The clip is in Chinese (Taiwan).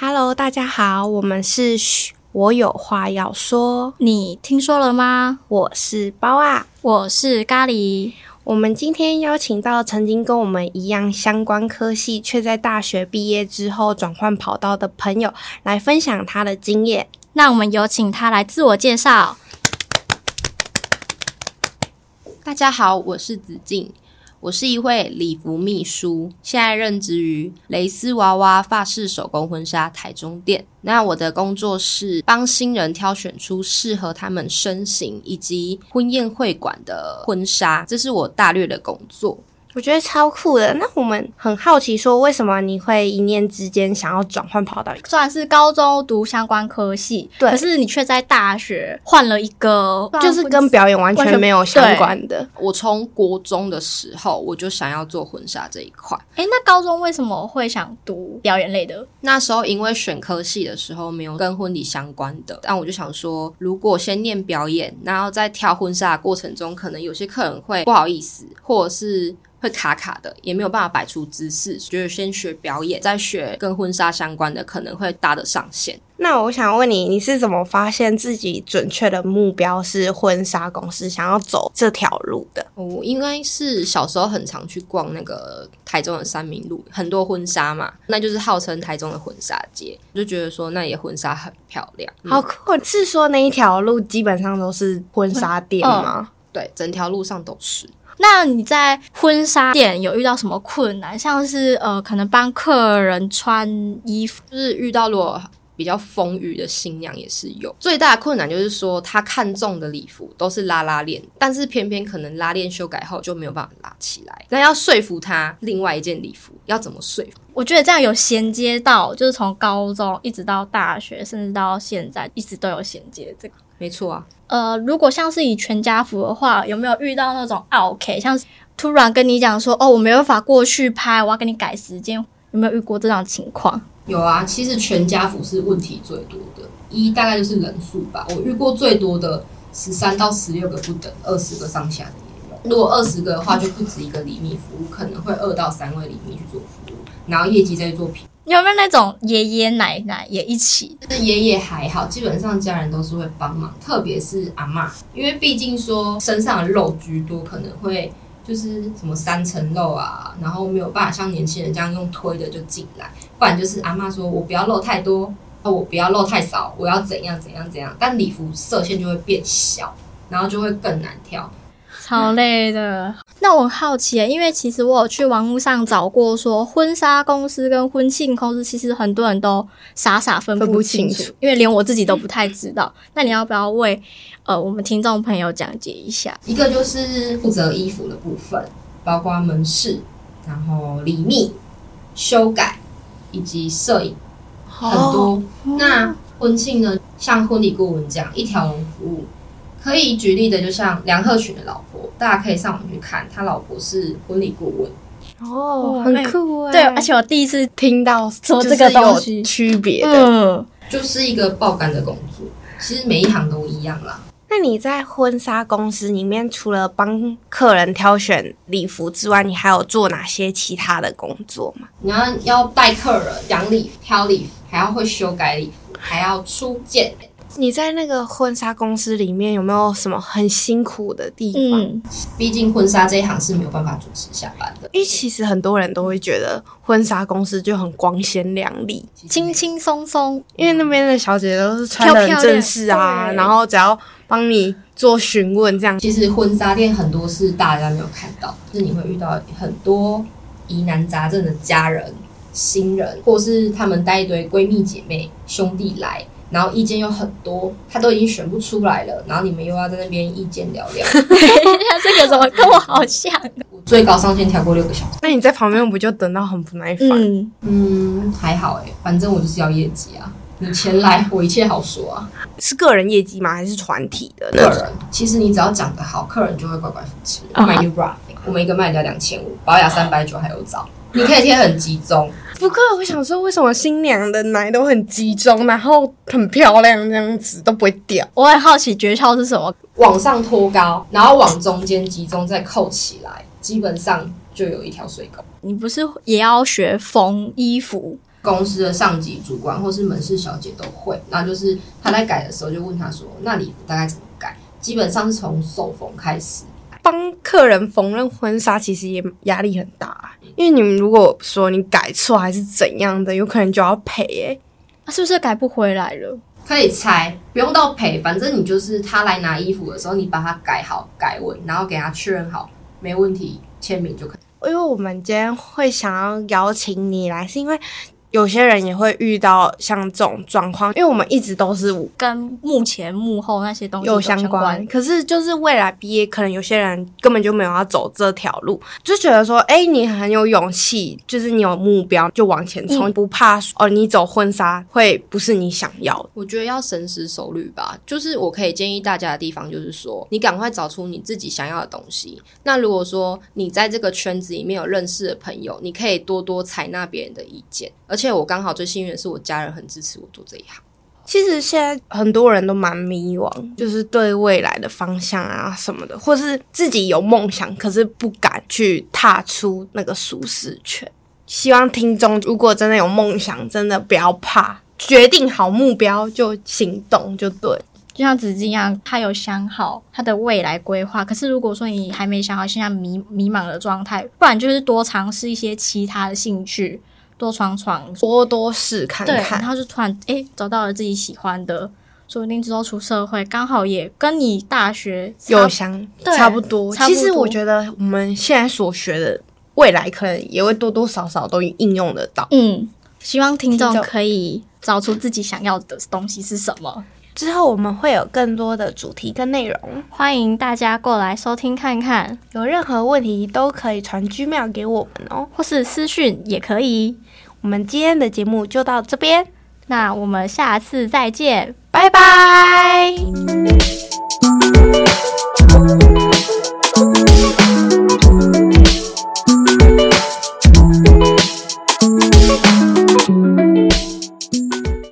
Hello，大家好，我們是，我有話要說，你聽說了嗎？我是包啊，我是咖喱，我們今天邀請到曾經跟我們一樣相關科系，卻在大學畢業之後轉換跑道的朋友，來分享他的經驗。那我們有請她來自我介紹。大家好，我是子靚，我是一位禮服秘書，現在任職於蕾絲娃娃法式手工婚紗台中店。那我的工作是幫新人挑選出適合他們身形以及婚宴會館的婚紗，這是我大略的工作。我覺得超酷的。那我們很好奇，說，為什麼你會一念之間想要轉換跑道？雖然是高中讀相關科系，對，可是你卻在大學換了一個，就是跟表演完全沒有相關的。我從國中的時候，我就想要做婚紗這一塊。哎、欸，那高中為什麼會想讀表演類的？那時候因為選科系的時候沒有跟婚禮相關的，但我就想說，如果先念表演，然後在挑婚紗的過程中，可能有些客人會不好意思，或者是。會卡卡的，也沒有辦法擺出姿勢，就是先學表演，再學跟婚紗相關的，可能會搭得上線。那我想問你，你是怎麼發現自己準確的目標是婚紗公司，想要走這條路的？我、嗯、應該是小時候很常去逛那個台中的三民路，很多婚紗嘛，那就是號稱台中的婚紗街，我就覺得說那也婚紗很漂亮。嗯、好酷！是說那一條路基本上都是婚紗店嗎？嗯呃、對，整條路上都是。那你在婚紗店有遇到什麼困難？像是呃，可能幫客人穿衣服，就是遇到如果比較豐腴的新娘也是有。最大的困難就是說，她看中的禮服都是拉拉鏈，但是偏偏可能拉鏈修改後就沒有辦法拉起來。那要說服她另外一件禮服，要怎麼說服？我覺得這樣有銜接到，就是從高中一直到大學，甚至到現在一直都有銜接這個。沒錯啊，呃，如果像是以全家福的話，有沒有遇到那種、啊、OK？像是突然跟你講說，哦，我沒有法過去拍，我要跟你改時間，有沒有遇過這種情況？有啊，其實全家福是問題最多的，一大概就是人數吧。我遇過最多的十三到十六個不等，二十個上下的也有。如果二十個的話，就不止一個釐米服務，可能會二到三個釐米去做服務，然後業績再做平。有沒有那種爺爺奶奶也一起？就是爺爺還好，基本上家人都是會幫忙，特別是阿嬤，因為畢竟說身上的肉居多，可能會就是什麼三層肉啊，然後沒有辦法像年輕人這樣用推的就進來，不然就是阿嬤說我不要露太多，我不要露太少，我要怎樣怎樣怎樣，但禮服射線就會變小，然後就會更難挑。好累的、嗯。那我很好奇、欸，因為其實我有去網絡上找過，說婚紗公司跟婚慶公司其實很多人都傻傻分不，分不清楚，因為連我自己都不太知道。嗯、那你要不要為呃我們聽眾朋友講解一下？一個就是負責衣服的部分，包括門市，然後禮密、修改以及攝影，很多。哦、那婚慶呢，像婚禮顧問這樣一條龍服務，可以舉例的，就像梁赫群的老婆。大家可以上網去看，他老婆是婚禮顧問，哦，很酷哎，欸！對，而且我第一次聽到說這個都有區別的，的、就是嗯、就是一個爆肝的工作，其實每一行都一樣啦。那你在婚紗公司裡面，除了幫客人挑選禮服之外，你還有做哪些其他的工作嗎？你要要帶客人，講禮服、挑禮服，還要會修改禮服，還要出件。你在那個婚紗公司裡面有沒有什麼很辛苦的地方？嗯、畢竟婚紗這一行是沒有辦法準時下班的。因為其實很多人都會覺得婚紗公司就很光鮮亮麗、輕輕鬆鬆，因為那邊的小姐都是穿的很正式啊，漂亮、然後只要幫你做詢問這樣。其實婚紗店很多事大家沒有看到，就是你會遇到很多疑難雜症的家人、新人，或是他們帶一堆閨蜜姐妹、兄弟來。然後意見又很多，他都已經選不出來了。然後你們又要在那邊意見聊聊。這個怎麼跟我好像？我最高上限超過六個小時。那你在旁邊不就等到很不耐煩？嗯，嗯還好哎，反正我就是要業績啊。你前來，我一切好說啊。是個人業績嗎？還是團體的？個人。其實你只要講得好，客人就會乖乖付錢。賣 n u w r o c 我們一個賣了兩千五，保養三百九，還有早。你可以貼很集中。 不過我想說，為什麼新娘的奶都很集中，然後很漂亮這樣子都不會掉？我很好奇訣竅是什麼，往上托高，然後往中間集中，再扣起來，基本上就有一條水溝。你不是也要學縫衣服？公司的上級主管或是門市小姐都會，那就是他在改的時候就問他說：“那禮服大概怎麼改？”基本上是從手縫開始。幫客人縫紉婚紗其實也壓力很大，因為你們如果說你改錯還是怎樣的，有可能就要賠誒、欸，那、啊、是不是改不回來了？可以拆，不用到賠，反正你就是他來拿衣服的時候，你把它改好改完，然後給他確認好沒問題，簽名就可以。因、哎、為我們今天會想要邀請你來，是因為。有些人也會遇到像這種狀況，因為我們一直都是跟幕前幕後那些東西有相關。可是就是未來畢業，可能有些人根本就沒有要走這條路，就覺得說，哎，你很有勇氣，就是你有目標就往前衝，嗯、不怕哦。你走婚紗會不是你想要的。我覺得要深思熟慮吧。就是我可以建議大家的地方，就是說你趕快找出你自己想要的東西。那如果說你在這個圈子裡面有認識的朋友，你可以多多採納別人的意見，而且。我剛好最幸運的是，我家人很支持我做這一行。其實現在很多人都蠻迷惘，就是對未來的方向啊什麼的，或是自己有夢想，可是不敢去踏出那個舒適圈。希望聽眾如果真的有夢想，真的不要怕，決定好目標就行動就對。就像子靚一樣，他有想好他的未來規劃。可是如果說你還沒想好，現在迷迷茫的狀態，不然就是多嘗試一些其他的興趣。多闖闖，多多試看看，對，然後就突然哎、欸，找到了自己喜歡的，說不定之後出社會剛好也跟你大學有相，差不多。其實我覺得我們現在所學的，未來可能也會多多少少都應用得到。嗯，希望聽眾可以找出自己想要的東西是什麼。之後我們會有更多的主題跟內容，歡迎大家過來收聽看看。有任何問題都可以傳 Gmail 給我們哦，或是私訊也可以。我們今天的節目就到這邊，那我們下次再見，拜拜。拜拜。